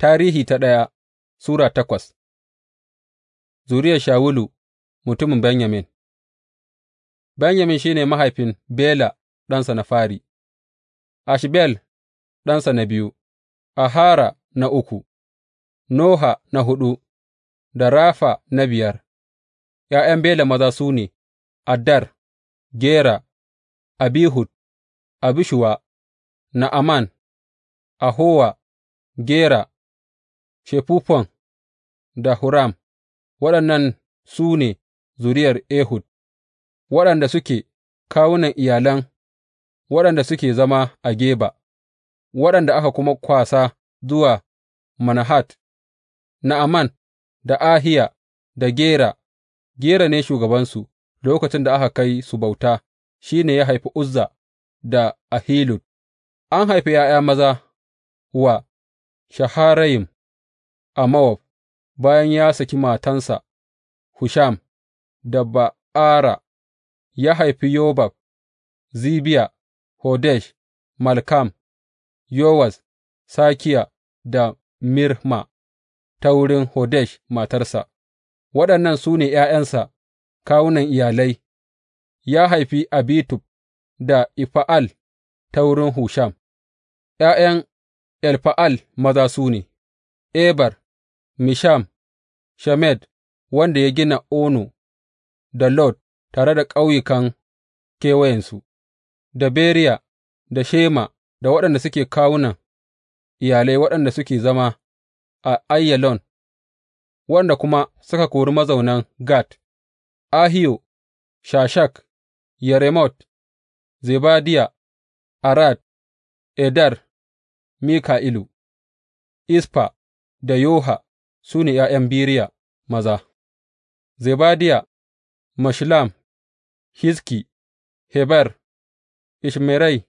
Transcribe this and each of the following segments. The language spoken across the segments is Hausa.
Tarihi ta ɗaya Sura takwas Zuriyar Shawulu mutumin Benyamin Benyamin shi ne mahaifin Bela ɗansa na fari, Ashbel ɗansa na biyu, Ahara na uku, Noha na hudu da Rafa na biyar, ’ya'yan Bela maza su ne, Adar, Gera, Abihud, Abishuwa, Na'aman, Ahowa, Gera. Shefuffon da Huram Waɗannan su ne zuriyar Ehud, waɗanda suke kawunan iyalan waɗanda suke zama a Geba, waɗanda aka kuma kwasa zuwa Manahat, Na'aman da Ahiya da Gera, Gera ne shugabansu lokacin da aka kai su bauta, shi ne ya haifi Uzza da Ahilud, an haifi ’ya'ya maza wa Shaharayim. a Mowab bayan ya saki matansa Husham da Ba'ara, ya haifi Yobab, Zibiya, Hodesh, Malkam, Yowaz, Sakiya da Mirma ta wurin Hodesh matarsa, waɗannan su ne ’ya'yansa, kawunan iyalai, ya haifi Abitub da Ifa'al ta wurin Husham, ’ya'yan Elfa'al maza su ne, Eber. Misham Shemed, wanda ya gina Ono da Lod tare da ƙauyukan kewayensu, da Beriya da Shema da waɗanda suke kawunan iyalai waɗanda suke zama a Aiyalon, waɗanda kuma suka kori mazaunan Gat, Ahiyo, Shashak, Yeremot, Zebadiya, Arad, Edar Mika'ilu, Ispa da Yoha. su ne ’ya'yan Beriya maza, Zebadiya, Meshullam, hiski, Heber, Ishmerai,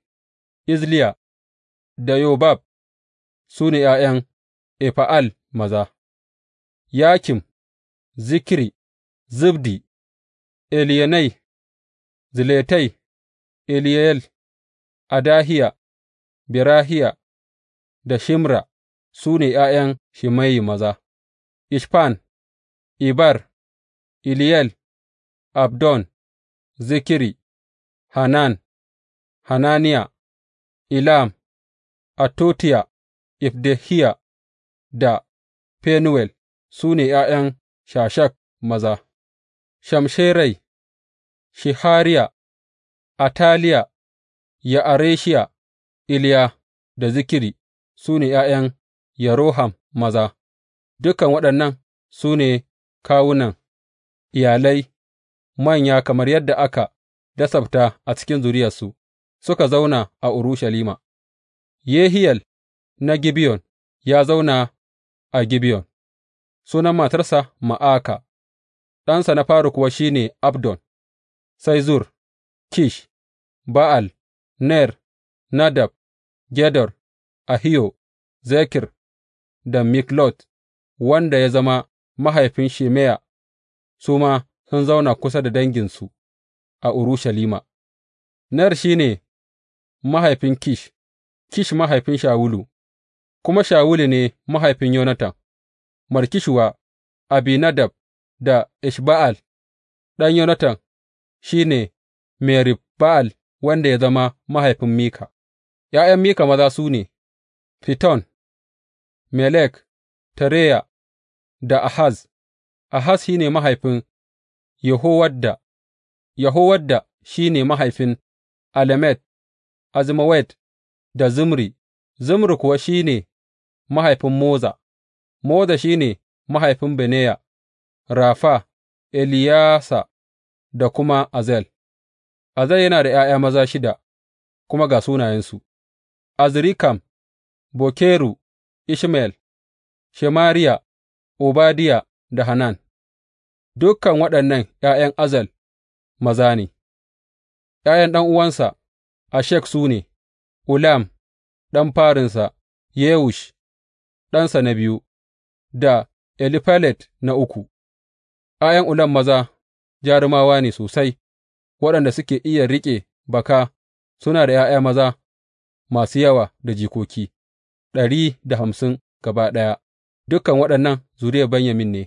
Izliya da Yobab, su ne ’ya'yan Efa'al maza, Yakim, Zikri, Zibdi, Eliyenai, Ziletai, Eliyel, Adahiya, Berahiya da Shimra, su ne ’ya'yan Shimeyi maza. Ishfan, Ibar, Eliyel, Abdon, Zikiri, Hanan, Hananiya, Elam, Atotiya, Ifdehiya da Fenuwel su ne ’ya'yan Shashak maza, Shamsherai, Shehariya, Ataliya, Ya'areshiya, Iliya da Zikiri su ne ’ya'yan Yeroham maza. Dukan waɗannan su ne kawunan iyalai manya kamar yadda aka lissafta a cikin zuriyarsu, suka zauna a Urushalima Yehiyel na Gibeyon ya zauna a Gibeyon, sunan matarsa Ma'aka, ɗansa na fari kuwa shi ne Abdon, sai Zur, Kish, Ba'al, Ner, Nadab, Gedor, Ahiyo, Zekir da Miklot. wanda ya zama mahaifin Shimeya, su ma sun zauna kusa da danginsu a Urushalima. Ner shi ne mahaifin Kish, Kish mahaifin Shawulu, kuma Shawulu ne mahaifin Yonatan, Markishuwa, Abinadab da Ishba'al, ɗan Yonatan shi ne Merib Ba'al wanda ya zama mahaifin Mika. ’Ya'yan Mika maza su ne, Fiton, Melek Tereya da Ahaz Ahaz shi ne mahaifin Yehowadda, Yehowadda shi ne mahaifin Alemet, Azmawet da Zimri, Zimri kuwa shi ne mahaifin Moza, Moza shi ne mahaifin Beneya, Rafa, eliyasa da kuma Azel, Azel yana da ’ya'ya maza shida, kuma ga sunayensu, Azrikam, Bokeru, ishmael Shemariya, Obadiya da Hanan Dukan waɗannan ’ya'yan Azel maza ne, ’ya'yan ɗan'uwansa Eshek su ne, Ulam ɗan farinsa, Yewush ɗansa na biyu, da Elifelet na uku, ’ya'yan Ulam maza jarumawa ne sosai, waɗanda suke iya riƙe baka, suna da ’ya'ya maza masu yawa da jikoki, ɗari da hamsin gaba ɗaya. Dukan waɗannan zuriyar Benyamin ne.